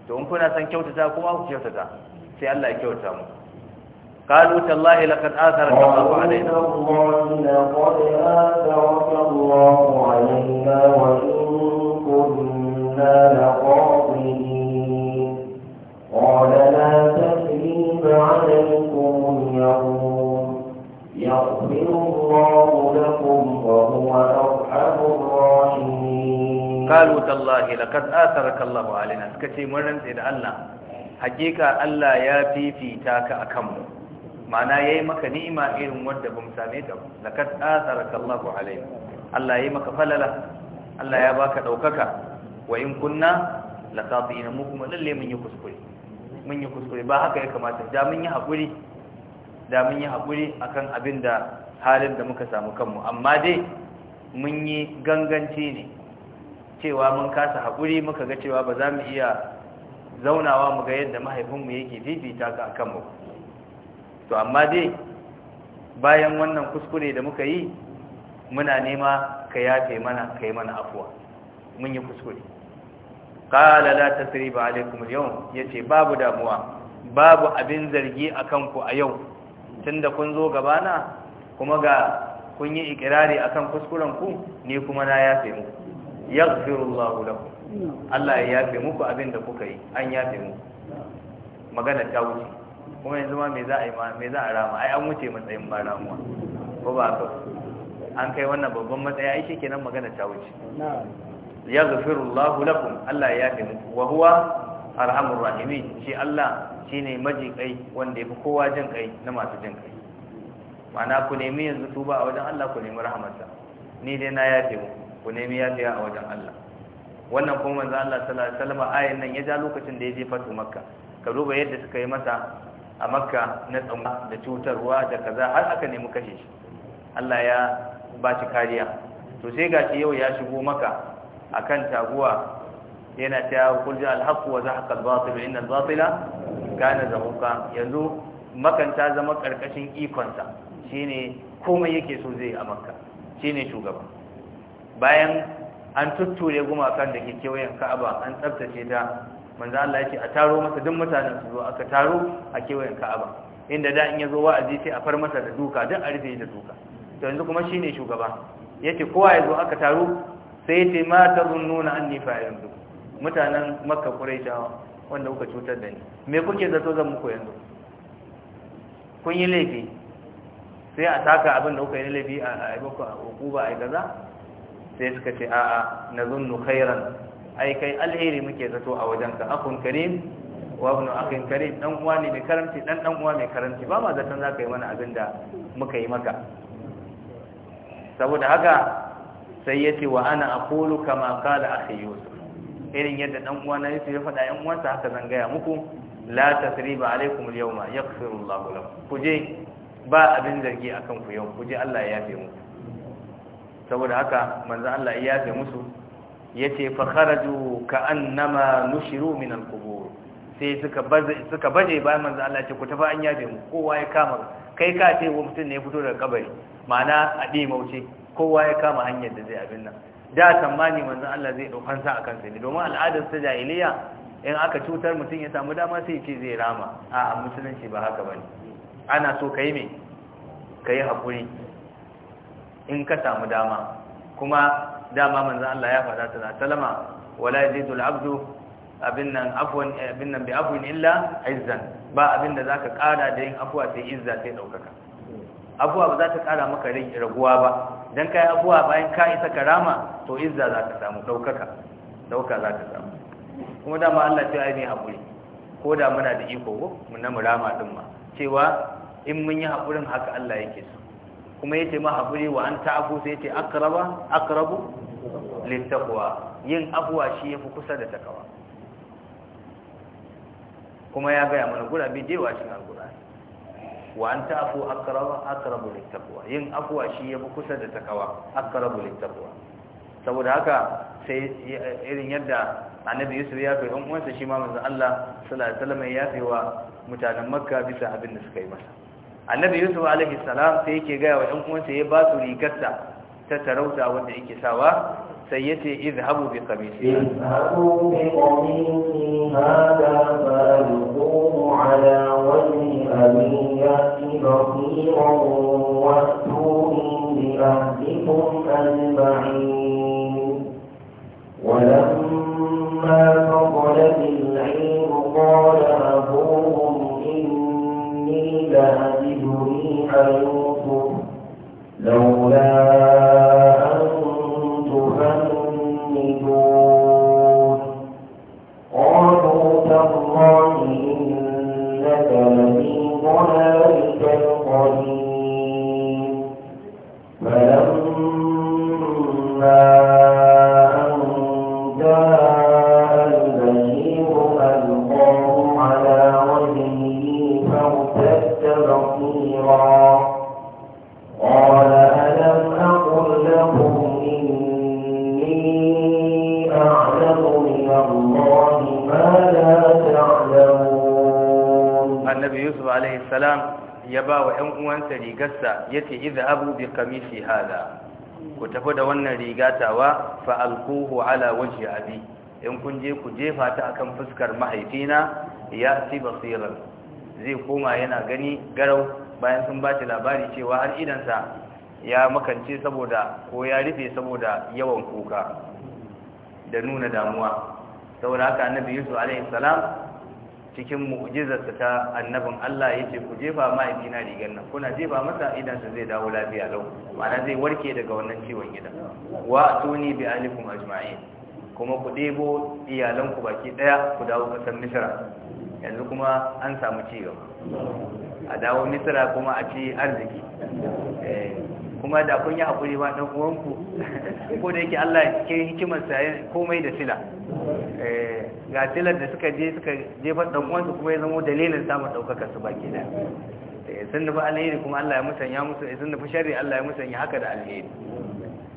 to in kuna san kyautata kuma ku kyautata sai Allah ya kyauta mu قالوا تالله لقد آثرك الله علينا لقد آثرك الله علينا وإن كنا لخاطئين قال لا تثريب عليكم اليوم يغفر الله لكم وهو أرحم الراحمين قالوا تالله لقد آثرك الله علينا سكتي مرنت إلى الله حقيقة الله يا فيفي تاك أكمل ma'ana yi maka ni'ima irin ba mu same ta lakat asaraka Allahu alayhi Allah ya yi maka falala Allah ya baka daukaka wa in kunna ina mu kuma lalle mun yi kuskure mun yi kuskure ba haka ya kamata da mun yi hakuri da mun yi hakuri akan abin da halin da muka samu kanmu amma dai mun yi ganganci ne cewa mun kasa hakuri muka ga cewa ba za mu iya zaunawa mu ga yadda mahaifinmu yake fifita ka akan mu to amma dai bayan wannan kuskure da muka yi muna nema ka yafe mana ka yi mana afuwa mun yi kuskure qala la ba alaikum yau, ya yace babu damuwa babu abin zargi akan ku a yau tunda kun zo gabana kuma ga kun yi ikirari akan kuskuren ku ni kuma na yafe muku yaghfirullahu lakum Allah ya yafe muku abin da kuka yi an yafe muku magana ta wuce kuma yanzu ma me za a yi ma me za a rama ai an wuce matsayin ba ramuwa ko ba ka an kai wannan babban matsayi ai shikenan magana ta wuce yaghfirullahu lakum Allah ya yafe muku wa huwa arhamur rahimin shi Allah shine maji kai wanda yafi kowa jin kai na masu jin kai ma'ana ku nemi yanzu tuba a wajen Allah ku nemi rahamarsa ni dai na yafe muku ku nemi yafiya a wajen Allah wannan kuma manzo Allah sallallahu alaihi wasallam ayin nan ya ja lokacin da ya je fatu makka ka duba yadda suka yi masa a makka na tsamba da cutarwa da kaza har aka nemi kashe shi Allah ya ba shi kariya to sai gashi yau ya shigo maka akan taguwa yana ta kulji alhaq wa zahaqa albatil inna albatila kana zahuqa yanzu makan ta zama karkashin ikonsa shine komai yake so zai a makka shine shugaba bayan an tutture gumakan da ke kewayen ka'aba an tsaftace ta manzo Allah yake a taro masa duk mutanen su zo aka taro a kewayen Ka'aba inda da in ya zo wa'azi sai a far masa da duka duk a rufe da duka to yanzu kuma shine shugaba yake kowa ya zo aka taro sai yace ma tazunnuna anni fa'ilun duk mutanen Makka Quraishawa wanda kuka cutar da ni me kuke zato zan muku yanzu kun yi laifi sai a taka abin da kuka yi laifi a aibaka ba ai gaza? sai suka ce a'a nazunnu khairan ai kai alheri muke zato a wajenka akun karim wa ibn akin karim dan uwa ne mai karanci dan dan uwa mai karanci ba ma zaton zaka yi mana abin da muka yi maka saboda haka sai yace wa ana aqulu kama qala akhi yusuf irin yadda dan uwa na yusuf ya faɗa yan uwansa haka zan gaya muku la tasriba alaikum alyawma yawma yaghfiru Allahu lakum kuje ba abin zargi akan ku yau kuje Allah ya yafe muku saboda haka manzo Allah ya yafe musu yace fa kharaju ka'annama nushiru min al-qubur sai suka baje suka baje bayan manzo Allah ce ku tafi an yabe mu kowa ya kama kai ka ce wa mutum ne ya fito daga kabari ma'ana a ɗi mauce kowa ya kama hanyar da zai abin nan da tsammani manzo Allah zai daukan sa akan sai domin al'adar ta jahiliya in aka cutar mutum ya samu dama sai ce zai rama a musulunci ba haka ba ne. ana so kai me kai hakuri in ka samu dama kuma dama manzon Allah ya faɗa ta Salama wala yazidu al-abdu abin nan afwan eh, abin nan bi afwin illa izzan ba abin da zaka ƙara da yin afwa sai izza sai daukaka afwa ba za ta ƙara maka raguwa ba dan kai afwa bayan ka isa karama to izza za ka samu daukaka dauka za ka samu kuma dama Allah ta aini haƙuri ko da muna da iko ko mun na murama din ma cewa in mun yi haƙurin haka Allah yake so kuma yace ma haƙuri wa an ta'afu sai yace akaraba, akrabu littafuwa. yin abuwa shi ya fi kusa da takawa kuma ya gaya mana bi da shi na alqur'ani wa an ta'afu akaraba, akrabu littafuwa. yin abuwa shi ya fi kusa da takawa akrabu littafuwa. saboda haka sai irin yadda annabi yusuf ya fi ɗan uwansa shi ma manzo Allah sallallahu alaihi wasallam ya fi wa mutanen makka bisa abin da suka yi masa annabi yusuf alaihi salam sai yake gaya wa ɗan uwansa ya ba su rigarsa ta sarauta wanda yake sawa sai yace izhabu bi qamisi bi qamisi ala wajhi abi yati bi kamisi hada ku tafi da wannan rigatawa fa alquhu ala wajhi abi in kun je ku jefa ta akan fuskar mahaifina ya ci basiran zai koma yana gani garau bayan sun ba shi labari cewa har idansa ya makance saboda ko ya rufe saboda yawan kuka da nuna damuwa saboda haka annabi yusuf alaihi salam cikin mu'jizarsa ta annabin Allah ya ce ku jefa mahaifina rigar nan kuna jefa masa idansa zai dawo lafiya lau ma'ana zai warke daga wannan ciwon gidan wa tuni bi alikum ajma'in kuma ku debo iyalanku baki ɗaya ku dawo kasan misira yanzu kuma an samu ci gaba a dawo misira kuma a ci arziki eh. kuma da kun yi hakuri ba dan uwanku ko da yake Allah ya hikimar sa komai da sila eh, ga silar da suka je suka jefa ɗan uwansu kuma ya zama dalilin samun daukakar su baki da eh, sun nufi alheri kuma Allah ya musanya musu eh, sun nufi sharri Allah ya musanya haka da alheri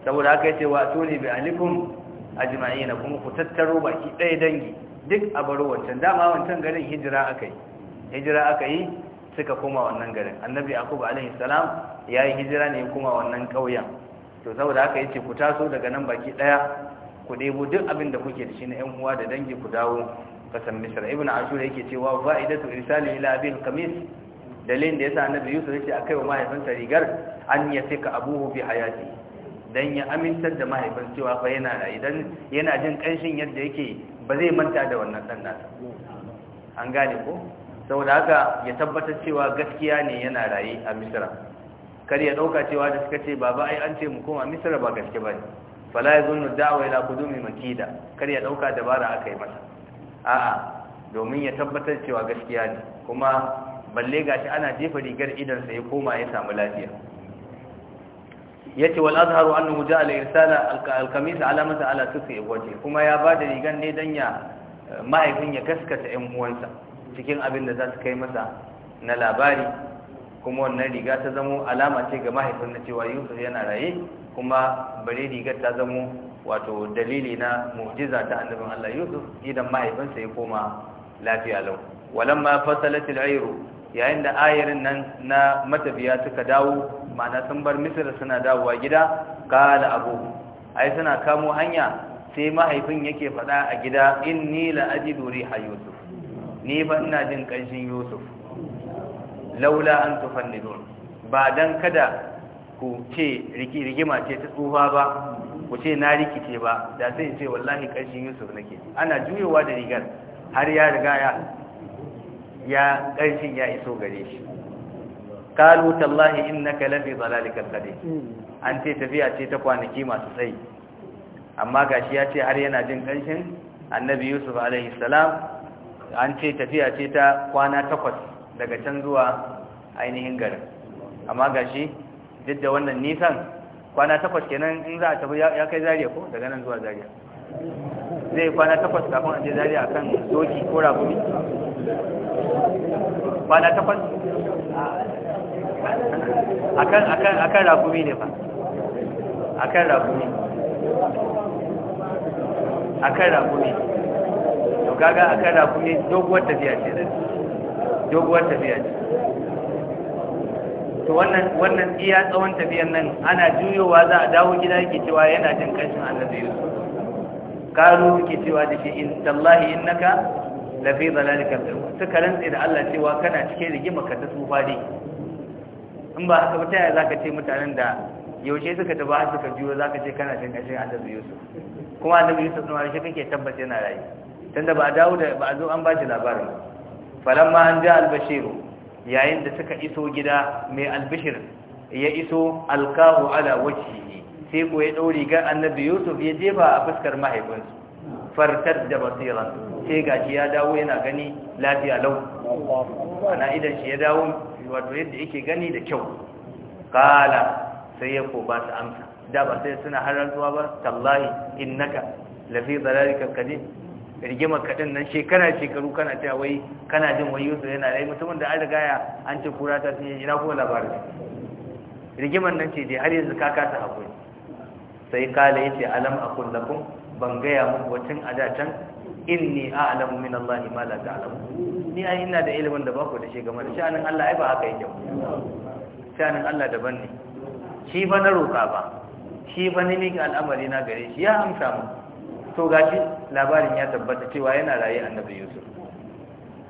saboda haka ce wa ne bi alikum na kuma ku tattaro baki ɗaya dangi duk a baro wancan dama wancan garin hijira yi hijira yi suka koma wannan garin annabi yaqub alaihi salam yi hijira ne kuma wannan kauyen to saboda haka ce ku taso daga nan baki daya ku ɗebo duk abin da kuke da shi na uwa da dangi ku dawo kasan misra ibn ashura yake cewa fa'idatu irsali ila abin kamis dalilin da yasa annabi yusuf yake akai wa mahaifinsa rigar an yasika abuhu bi hayati dan ya amintar da mahaifin cewa fa yana rayu dan yana jin kanshin yadda yake ba zai manta da wannan dan nasa an gane ko saboda haka ya tabbatar cewa gaskiya ne yana raye a misira kar ya dauka cewa da suka ce baba ai an ce mu koma misira ba gaske ba ne fala ya zunnu da'wa ila kudumi makida kar ya dauka dabara akai masa a'a domin ya tabbatar cewa gaskiya ne kuma balle gashi ana jefa rigar idan sa ya koma ya samu lafiya yace wal azharu annahu ja'a li irsala al ala masa ala tusi wajhi kuma ya bada rigar ne dan ya eh, mahaifin ya gaskata ƴan uwansa cikin abin da za su kai masa na labari kuma wannan riga ta zamo alama ce ga mahaifin na cewa yusuf yana raye kuma bare rigar ta zamo wato dalili na mu'jiza ta annabin Allah yusuf idan mahaifinsa ya koma lafiya lau ma fasalatil ayru yayin da ayarin nan na matafiya suka dawo ma'ana sun bar misir suna dawowa gida kala abu ai suna kamo hanya sai mahaifin yake faɗa a gida inni la ajidu riha yusuf ni ba ina jin ƙanshin yusuf laula an don. ba don kada ku ce rigima ce ta tsufa ba ku ce na rikice ba da sai ce wallahi ƙanshin yusuf nake ana juyowa da rigar har ya riga ya ya ƙanshin ya iso gare shi kalu tallahi in innaka lafi dalalikal kade an ce tafiya ce ta kwanaki masu tsayi amma gashi ya ce har yana jin ƙanshin annabi yusuf alaihi salam an ce tafiya ce ta kwana takwas daga can zuwa ainihin garin amma gashi duk da wannan nisan kwana takwas kenan in za a tafi ya kai zariya ko daga nan zuwa zariya zai kwana takwas kafin a je zariya kan doki ko rakumi kwana takwas akan akan akan rakumi ne fa akan rakumi akan rakumi to kaga da ku ne doguwar tafiya ce da doguwar tafiya ce to wannan wannan iya tsawon tafiyar nan ana juyowa za a dawo gida yake cewa yana jin kashin annabi Yusuf karu yake cewa da shi in tallahi innaka la fi dhalalika suka rantse da Allah cewa kana da gima ka ta tsufa in ba haka ba ta yaya zaka ce mutanen da yaushe suka tafi har suka juyo zaka ce kana jin kashin annabi Yusuf kuma annabi Yusuf ne shi kake tabbace yana rayu tunda ba a dawo da ba a zo an ba shi labarin falamma an ja albashiru yayin da suka iso gida mai albashir ya iso alkahu ala wajhihi sai ko ya dau annabi yusuf ya jefa a fuskar mahaifinsu fartar da basiran sai gashi ya dawo yana gani lafiya lau ana idan shi ya dawo wato yadda yake gani da kyau kala sai ya ko ba su amsa da ba sai suna har rantsuwa ba tallahi innaka lafi dalalika kadim rigimar kaɗan nan shekara shekaru kana cewa wai kana jin wai yusuf yana rai mutumin da an riga ya an ce kura ta sun yi ina kuma labarin rigimar nan ce dai har yanzu ka kasa akwai sai kala yace alam akul lakum ban gaya muku wacin adatan inni a'lamu min Allah ma la ta'lamu ni ai ina da ilimin da bako da shi game da shanin Allah ai ba haka yake shanin Allah daban ne shi ba na roƙa ba shi ba ni miki al'amari na gare shi ya amsa mu to gashi labarin ya tabbata cewa yana raye annabi yusuf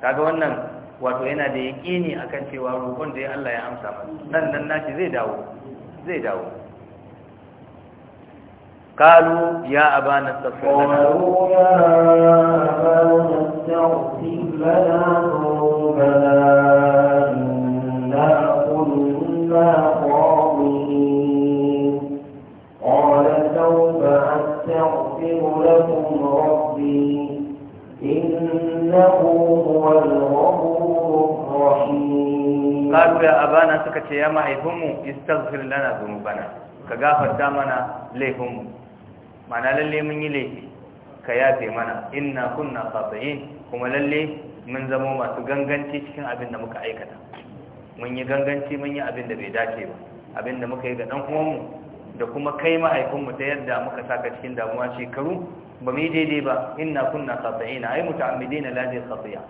kaga wannan wato yana da yakini akan cewa roƙon da ya Allah ya amsa masa nan nan nashi zai dawo zai dawo قالوا يا abana استغفر لنا suka ce ya mahaifinmu istaghfir lana dhunubana ka gafarta mana laifinmu mana lalle mun yi laifi ka yafe mana inna kunna khatayin kuma lalle mun zama masu ganganci cikin abin da muka aikata mun yi ganganci mun yi abin da bai dace ba abin da muka yi ga dan uwanmu da kuma kai mahaifinmu ta yadda muka saka cikin damuwa shekaru ba mu yi daidai ba inna kunna khata'ina ay muta'ammidina la khati'a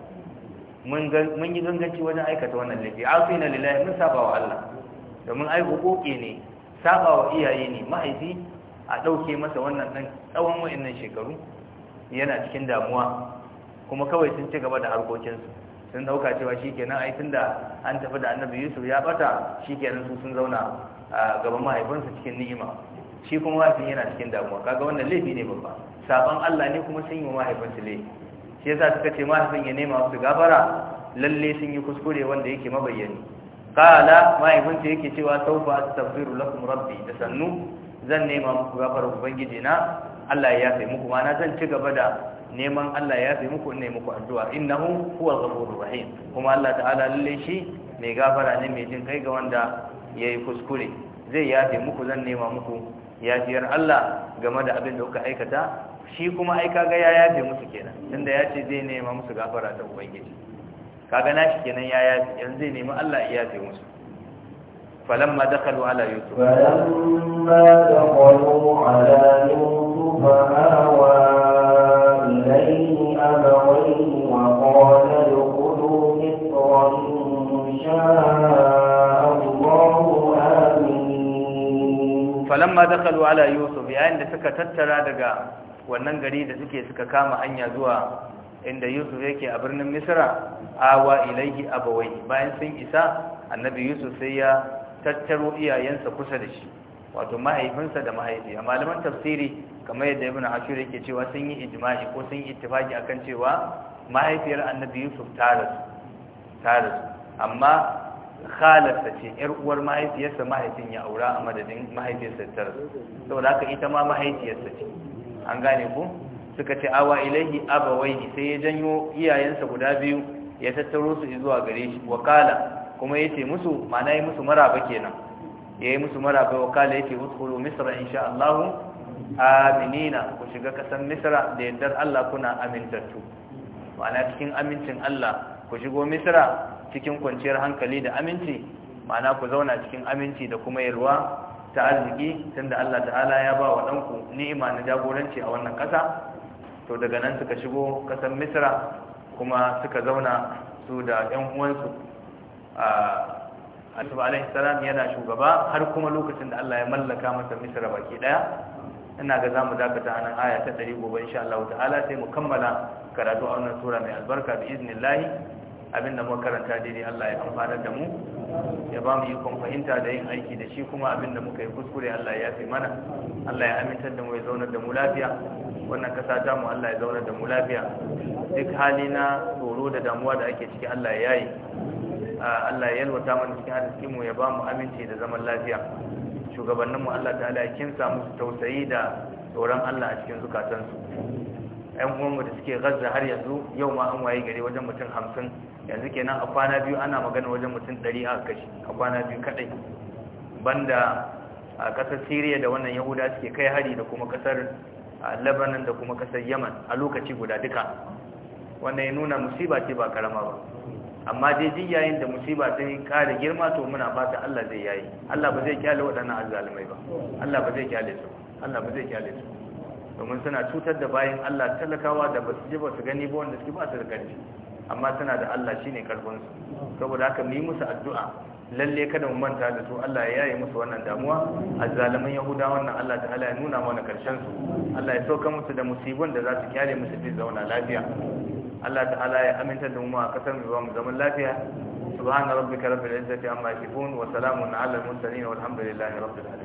mun yi ganganci wajen aikata wannan laifi na lillahi mun saba wa Allah domin ai hukuki ne saba wa iyaye ne mahaifi a dauke masa wannan dan tsawon wayannan shekaru yana cikin damuwa kuma kawai sun ci gaba da harkokinsu sun dauka cewa shikenan ai tunda an tafi da Annabi Yusuf ya bata shikenan su sun zauna a gaban mahaifinsa cikin ni'ima shi kuma wasu yana cikin damuwa kaga wannan laifi ne babba saban Allah ne kuma sun yi mahaifinsu laifi shi yasa suka ce mahaifin ya nema su gafara lalle sun yi kuskure wanda yake mabayyani qala mahaifinta yake cewa saufa astaghfiru lakum rabbi da sannu zan nema muku gafara ubangiji na Allah ya yafe muku mana zan ci gaba da neman Allah ya yafe muku ne muku addu'a innahu huwal ghafurur rahim kuma Allah ta'ala lalle shi mai gafara ne mai jin kai ga wanda yayi kuskure zai yafe muku zan nema muku yafiyar Allah game da abin da kuka aikata shi kuma aika ga ya yafe musu kenan tunda yace zai nema musu gafara ta ubangiji kaga na shi kenan ya yafe yanzu zai nemi Allah ya yafe musu falam ma dakalu ala yusuf falam ma dakalu ala yusuf awa ilayhi abawayhi wa qala yuqulu falamma dakalu ala yusuf yayin da suka tattara daga wannan gari da suke suka kama hanya zuwa inda yusuf yake a birnin misra awa ilaihi abawai bayan sun isa annabi yusuf sai ya tattaro iyayensa kusa da shi wato mahaifinsa da mahaifiya malaman tafsiri kamar yadda ibn ashur yake cewa sun yi ijma'i ko sun yi ittifaqi akan cewa mahaifiyar annabi yusuf ta rasu amma halartace ce ƴar uwar mahaifiyarsa mahaifin ya aura a madadin mahaifiyarsa ta rasu saboda haka ita ma mahaifiyarsa ce an gane ku suka ce awa ilaihi abawaihi sai ya janyo iyayensa guda biyu ya tattaro su zuwa gare shi wakala kuma ya ce musu mana yayi musu maraba kenan ya yi musu maraba wakala ce wuskuru misra insha Allah aminina ku shiga kasan misra da yardar Allah kuna amintattu ma'ana cikin amincin Allah ku shigo misra cikin kwanciyar hankali da aminci ma'ana ku zauna cikin aminci da kuma Yarwa? ta arziki tunda Allah ta'ala ya ba wa ɗanku ni'ima na jagoranci a wannan kasa to daga nan suka shigo ƙasar misra kuma suka zauna su da 'yan uwansu a Yusuf alaihi salam yana shugaba har kuma lokacin da Allah ya mallaka masa Misra baki daya ina ga zamu dakata anan aya ta 100 gobe insha Allah ta'ala sai mu kammala karatu a wannan sura mai albarka bi iznillahi abinda muka karanta dai Allah ya amfana da mu ya ba mu ikon fahimta da yin aiki da shi kuma abin da muka yi kuskure Allah ya fi mana Allah ya amintar da mu ya zaunar da mu lafiya wannan kasa ta mu Allah ya zauna da mu lafiya duk hali na tsoro da damuwa da ake ciki Allah ya yayi Allah ya yalwata mana cikin arziki mu ya ba mu aminci da zaman lafiya shugabanninmu Allah ta'ala ya kinsa musu tausayi da tsoron Allah a cikin zukatansu yan uwanmu da suke gaza har yanzu yau ma an waye gari wajen mutum hamsin yanzu kenan a kwana biyu ana magana wajen mutum ɗari a kashi a kwana biyu kaɗai banda a ƙasar siriya da wannan yahuda suke kai hari da kuma ƙasar lebanon da kuma ƙasar yaman a lokaci guda duka wannan ya nuna musiba ce ba karama ba amma dai duk yayin da musiba ta yi kare girma to muna fata Allah zai yayi Allah ba zai kyale waɗannan azalumai ba Allah ba zai kyale su Allah ba zai kyale su domin suna cutar da bayan Allah talakawa da basu ji su gani ba wanda suke ba su da karfi amma suna da Allah shine karfin su saboda haka mu yi musu addu'a lalle kada mu manta da su Allah ya yaye musu wannan damuwa azzaliman yahuda wannan Allah ta'ala ya nuna mana karshen su Allah ya sauka musu da musibin da za su kyale musu fi zauna lafiya Allah ta'ala ya aminta da mu a kasar mu mu zaman lafiya subhana rabbika rabbil izzati amma yasifun wa salamun ala al mursalin walhamdulillahi rabbil alamin